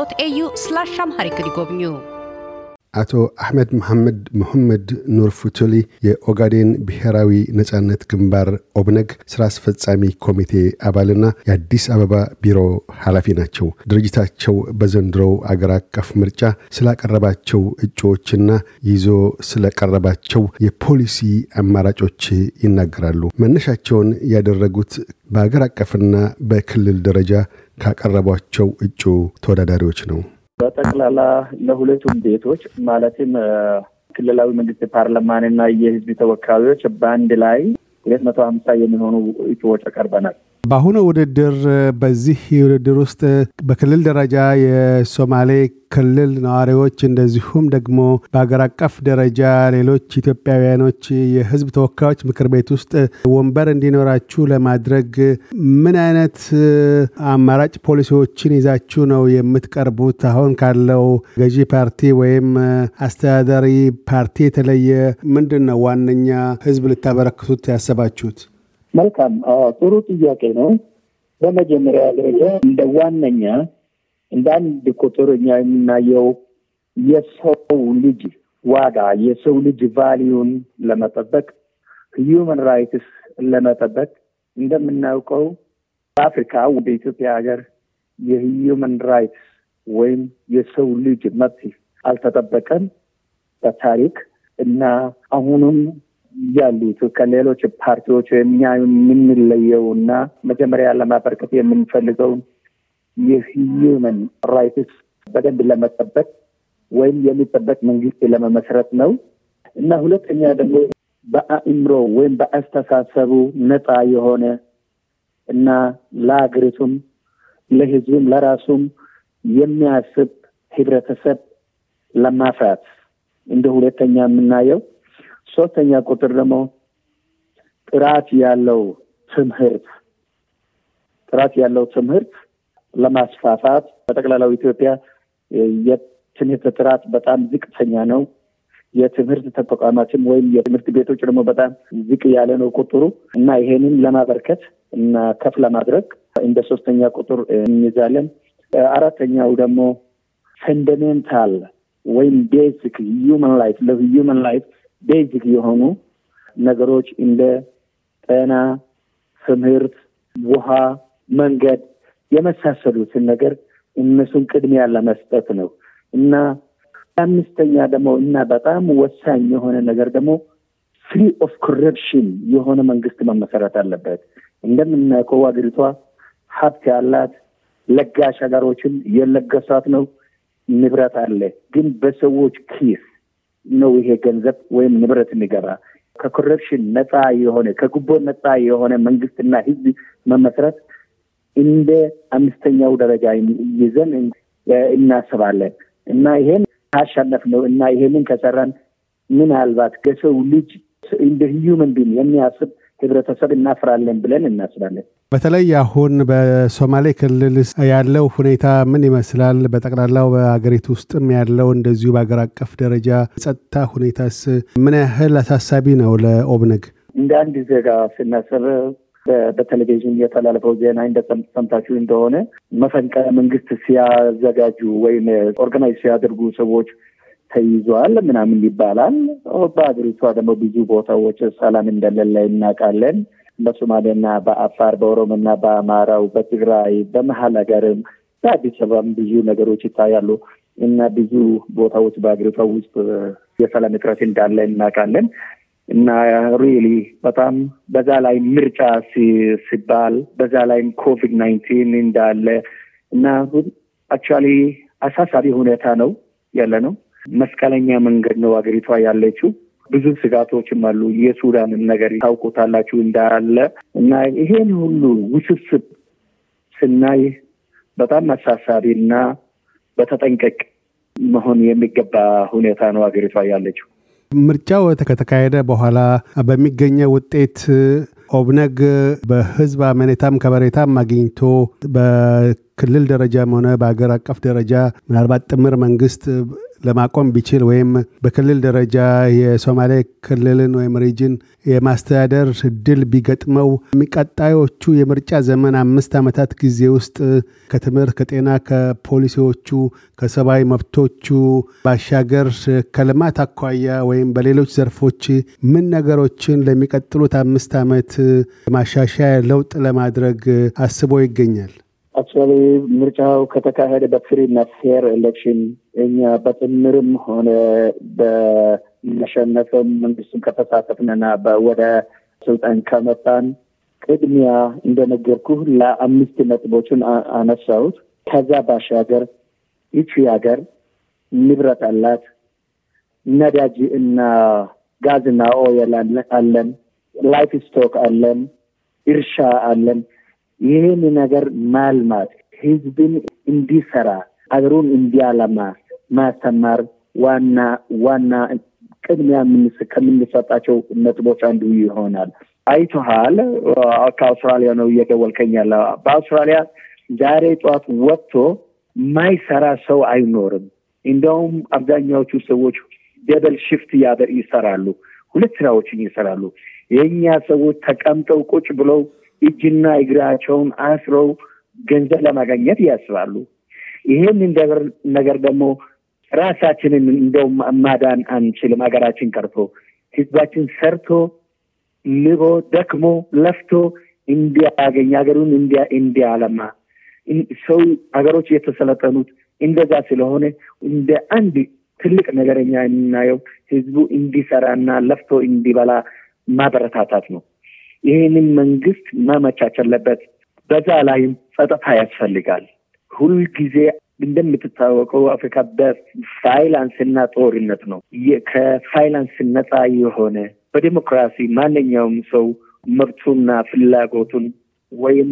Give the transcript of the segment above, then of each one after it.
ዶት ኤዩ ስላሽ አምሃሪክ ይጎብኙ። አቶ አሕመድ መሐመድ መሐመድ ኑር ፉቱሊ የኦጋዴን ብሔራዊ ነጻነት ግንባር ኦብነግ ስራ አስፈጻሚ ኮሚቴ አባልና የአዲስ አበባ ቢሮ ኃላፊ ናቸው። ድርጅታቸው በዘንድሮው አገር አቀፍ ምርጫ ስላቀረባቸው እጩዎችና ይዞ ስለቀረባቸው የፖሊሲ አማራጮች ይናገራሉ። መነሻቸውን ያደረጉት በአገር አቀፍና በክልል ደረጃ ካቀረቧቸው እጩ ተወዳዳሪዎች ነው። በጠቅላላ ለሁለቱም ቤቶች ማለትም ክልላዊ መንግስት ፓርላማንና የህዝብ ተወካዮች በአንድ ላይ ሁለት መቶ ሀምሳ የሚሆኑ እጩዎች አቀርበናል። በአሁኑ ውድድር በዚህ ውድድር ውስጥ በክልል ደረጃ የሶማሌ ክልል ነዋሪዎች እንደዚሁም ደግሞ በሀገር አቀፍ ደረጃ ሌሎች ኢትዮጵያውያኖች የህዝብ ተወካዮች ምክር ቤት ውስጥ ወንበር እንዲኖራችሁ ለማድረግ ምን አይነት አማራጭ ፖሊሲዎችን ይዛችሁ ነው የምትቀርቡት? አሁን ካለው ገዢ ፓርቲ ወይም አስተዳዳሪ ፓርቲ የተለየ ምንድን ነው ዋነኛ ህዝብ ልታበረክቱት ያሰባችሁት? መልካም ጥሩ ጥያቄ ነው። በመጀመሪያ ደረጃ እንደ ዋነኛ እንደ አንድ ቁጥርኛ የምናየው የሰው ልጅ ዋጋ የሰው ልጅ ቫሊዩን ለመጠበቅ ሂዩማን ራይትስ ለመጠበቅ እንደምናውቀው በአፍሪካ በኢትዮጵያ ሀገር የሂዩማን ራይትስ ወይም የሰው ልጅ መብት አልተጠበቀም በታሪክ እና አሁንም ያሉት ከሌሎች ፓርቲዎች የኛ የምንለየው እና መጀመሪያ ለማበርከት የምንፈልገው የሂዩመን ራይትስ በደንብ ለመጠበቅ ወይም የሚጠበቅ መንግስት ለመመስረት ነው እና ሁለተኛ ደግሞ በአእምሮ ወይም በአስተሳሰቡ ነፃ የሆነ እና ለሀገሪቱም ለህዝቡም ለራሱም የሚያስብ ህብረተሰብ ለማፍራት እንደ ሁለተኛ የምናየው ሶስተኛ ቁጥር ደግሞ ጥራት ያለው ትምህርት ጥራት ያለው ትምህርት ለማስፋፋት በጠቅላላው ኢትዮጵያ የትምህርት ጥራት በጣም ዝቅተኛ ነው። የትምህርት ተቋማትም ወይም የትምህርት ቤቶች ደግሞ በጣም ዝቅ ያለ ነው ቁጥሩ እና ይሄንን ለማበርከት እና ከፍ ለማድረግ እንደ ሶስተኛ ቁጥር እንይዛለን። አራተኛው ደግሞ ፈንደሜንታል ወይም ቤዚክ ሂዩመን ላይፍ ለሂዩመን ላይፍ ቤዚክ የሆኑ ነገሮች እንደ ጤና፣ ትምህርት፣ ውሃ፣ መንገድ የመሳሰሉትን ነገር እነሱን ቅድሚያ ለመስጠት ነው እና አምስተኛ ደግሞ እና በጣም ወሳኝ የሆነ ነገር ደግሞ ፍሪ ኦፍ ኮረፕሽን የሆነ መንግስት መመሰረት አለበት። እንደምናውቀው ሀገሪቷ ሀብት ያላት ለጋሽ ሀገሮችም የለገሷት ነው፣ ንብረት አለ። ግን በሰዎች ኪስ ነው ይሄ ገንዘብ ወይም ንብረት የሚገባ። ከኮረፕሽን ነፃ የሆነ ከጉቦ ነፃ የሆነ መንግስትና ህዝብ መመስረት እንደ አምስተኛው ደረጃ ይዘን እናስባለን እና ይሄን ካሸነፍ ነው እና ይሄንን ከሰራን ምናልባት ከሰው ልጅ እንደ ሂዩመን ቢን የሚያስብ ህብረተሰብ እናፍራለን ብለን እናስባለን። በተለይ አሁን በሶማሌ ክልል ያለው ሁኔታ ምን ይመስላል? በጠቅላላው በሀገሪቱ ውስጥም ያለው እንደዚሁ በአገር አቀፍ ደረጃ ጸጥታ ሁኔታስ ምን ያህል አሳሳቢ ነው ለኦብነግ? እንደ አንድ ዜጋ ስናስብ በቴሌቪዥን የተላለፈው ዜና እንደሰምታችሁ እንደሆነ መፈንቅለ መንግስት ሲያዘጋጁ ወይም ኦርጋናይዝ ሲያደርጉ ሰዎች ተይዟል ምናምን ይባላል። በሀገሪቷ ደግሞ ብዙ ቦታዎች ሰላም እንደሌለ እናውቃለን። በሶማሌና በአፋር በኦሮሞና በአማራው በትግራይ በመሀል ሀገርም በአዲስ አበባም ብዙ ነገሮች ይታያሉ እና ብዙ ቦታዎች በአገሪቷ ውስጥ የሰላም እጥረት እንዳለ እናውቃለን። እና ሪሊ በጣም በዛ ላይ ምርጫ ሲባል በዛ ላይም ኮቪድ ናይንቲን እንዳለ እና አክቹዋሊ አሳሳቢ ሁኔታ ነው ያለ ነው። መስቀለኛ መንገድ ነው አገሪቷ ያለችው። ብዙ ስጋቶችም አሉ። የሱዳንን ነገር ታውቁታላችሁ እንዳለ እና ይሄን ሁሉ ውስብስብ ስናይ በጣም አሳሳቢና በተጠንቀቅ መሆን የሚገባ ሁኔታ ነው አገሪቷ ያለችው። ምርጫው ከተካሄደ በኋላ በሚገኘ ውጤት ኦብነግ በህዝብ አመኔታም ከበሬታም አግኝቶ በክልል ደረጃም ሆነ በሀገር አቀፍ ደረጃ ምናልባት ጥምር መንግስት ለማቆም ቢችል ወይም በክልል ደረጃ የሶማሌ ክልልን ወይም ሪጅን የማስተዳደር እድል ቢገጥመው የሚቀጣዮቹ የምርጫ ዘመን አምስት ዓመታት ጊዜ ውስጥ ከትምህርት፣ ከጤና፣ ከፖሊሲዎቹ፣ ከሰብአዊ መብቶቹ ባሻገር ከልማት አኳያ ወይም በሌሎች ዘርፎች ምን ነገሮችን ለሚቀጥሉት አምስት ዓመት ማሻሻያ ለውጥ ለማድረግ አስቦ ይገኛል? አክቹዋሊ ምርጫው ከተካሄደ በፍሪና ፌር ኤሌክሽን እኛ በጥምርም ሆነ በመሸነፍም መንግስቱን ከተሳተፍንና ወደ ስልጣን ከመጣን ቅድሚያ እንደነገርኩ ለአምስት ነጥቦችን አነሳሁት። ከዛ ባሻገር ይቺ ሀገር ንብረት አላት። ነዳጅ እና ጋዝና ኦይል አለን፣ ላይፍ ስቶክ አለን፣ እርሻ አለን። ይህን ነገር ማልማት ህዝብን እንዲሰራ አገሩን እንዲያለማ ማስተማር ዋና ዋና ቅድሚያ ከምንሰጣቸው ነጥቦች አንዱ ይሆናል። አይቶሃል ከአውስትራሊያ ነው እየደወልከኝ በአውስትራሊያ ዛሬ ጠዋት ወጥቶ ማይሰራ ሰው አይኖርም። እንደውም አብዛኛዎቹ ሰዎች ደበል ሽፍት ያበር ይሰራሉ፣ ሁለት ስራዎችን ይሰራሉ። የእኛ ሰዎች ተቀምጠው ቁጭ ብለው እጅና እግራቸውን አስረው ገንዘብ ለማገኘት ያስባሉ። ይህን ነገር ደግሞ ራሳችንን እንደው ማዳን አንችልም። ሀገራችን ቀርቶ ህዝባችን ሰርቶ ልቦ ደክሞ ለፍቶ እንዲያገኝ ሀገሩን እንዲያለማ ሰው ሀገሮች የተሰለጠኑት እንደዛ ስለሆነ እንደ አንድ ትልቅ ነገረኛ የምናየው ህዝቡ እንዲሰራና ለፍቶ እንዲበላ ማበረታታት ነው። ይህንን መንግስት መመቻች አለበት። በዛ ላይም ጸጥታ ያስፈልጋል። ሁልጊዜ እንደምትታወቀው አፍሪካ እና ጦርነት ነው። ከፋይላንስ ነፃ የሆነ በዲሞክራሲ ማንኛውም ሰው መብቱና ፍላጎቱን ወይም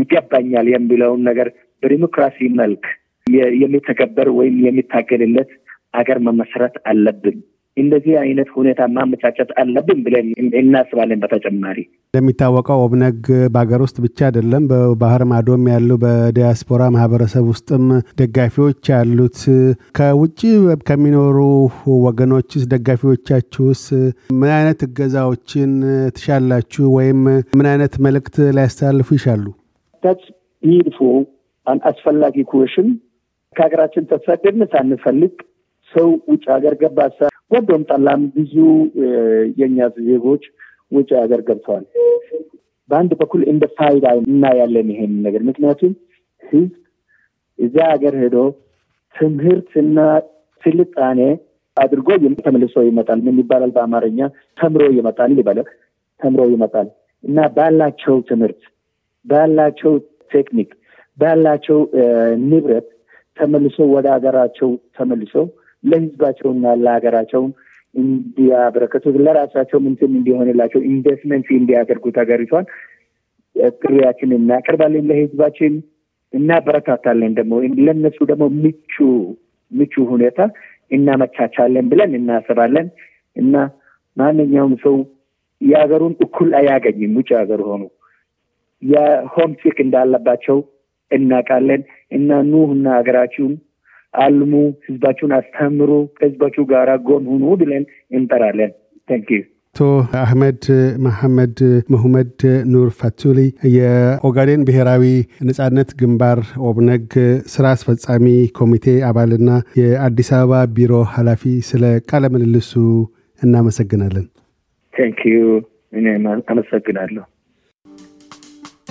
ይገባኛል የሚለውን ነገር በዲሞክራሲ መልክ የሚተገበር ወይም የሚታገልለት አገር መመስረት አለብን። እንደዚህ አይነት ሁኔታ ማመቻቸት አለብን ብለን እናስባለን። በተጨማሪ እንደሚታወቀው ኦብነግ በሀገር ውስጥ ብቻ አይደለም፣ በባህር ማዶም ያሉ በዲያስፖራ ማህበረሰብ ውስጥም ደጋፊዎች ያሉት። ከውጭ ከሚኖሩ ወገኖችስ ደጋፊዎቻችሁስ ምን አይነት እገዛዎችን ትሻላችሁ ወይም ምን አይነት መልእክት ሊያስተላልፉ ይሻሉ? አስፈላጊ ኩሽን ከሀገራችን ተሰደድን ሳንፈልግ ሰው ውጭ ሀገር ገባ ወዶም ጠላም ብዙ የኛ ዜጎች ውጭ ሀገር ገብተዋል። በአንድ በኩል እንደ ፋይዳ እናያለን ይሄን ነገር ምክንያቱም ህዝብ እዚያ ሀገር ሄዶ ትምህርትና ስልጣኔ አድርጎ ተመልሶ ይመጣል። ምን ይባላል በአማርኛ? ተምሮ ይመጣል ይባላል። ተምሮ ይመጣል እና ባላቸው ትምህርት፣ ባላቸው ቴክኒክ፣ ባላቸው ንብረት ተመልሶ ወደ ሀገራቸው ተመልሶ ለህዝባቸውና ለሀገራቸው እንዲያበረከቱ ለራሳቸው እንትን እንዲሆንላቸው ኢንቨስትመንት እንዲያደርጉት ሀገሪቷን ጥሪያችን እናቀርባለን። ለህዝባችን እናበረታታለን። ደግሞ ለነሱ ደግሞ ምቹ ምቹ ሁኔታ እናመቻቻለን ብለን እናስባለን እና ማንኛውም ሰው የሀገሩን እኩል አያገኝም። ውጭ ሀገር ሆኑ የሆምሲክ እንዳለባቸው እናውቃለን እና ኑህና ሀገራችሁን አልሙ፣ ህዝባችሁን አስተምሩ፣ ከህዝባችሁ ጋር ጎን ሁኑ ብለን እንጠራለን። ዩ። አቶ አህመድ መሐመድ መሁመድ ኑር ፋቱሊ የኦጋዴን ብሔራዊ ነጻነት ግንባር ኦብነግ ስራ አስፈጻሚ ኮሚቴ አባልና የአዲስ አበባ ቢሮ ኃላፊ፣ ስለ ቃለ ምልልሱ እናመሰግናለን። ቴንክ ዩ። እኔም አመሰግናለሁ።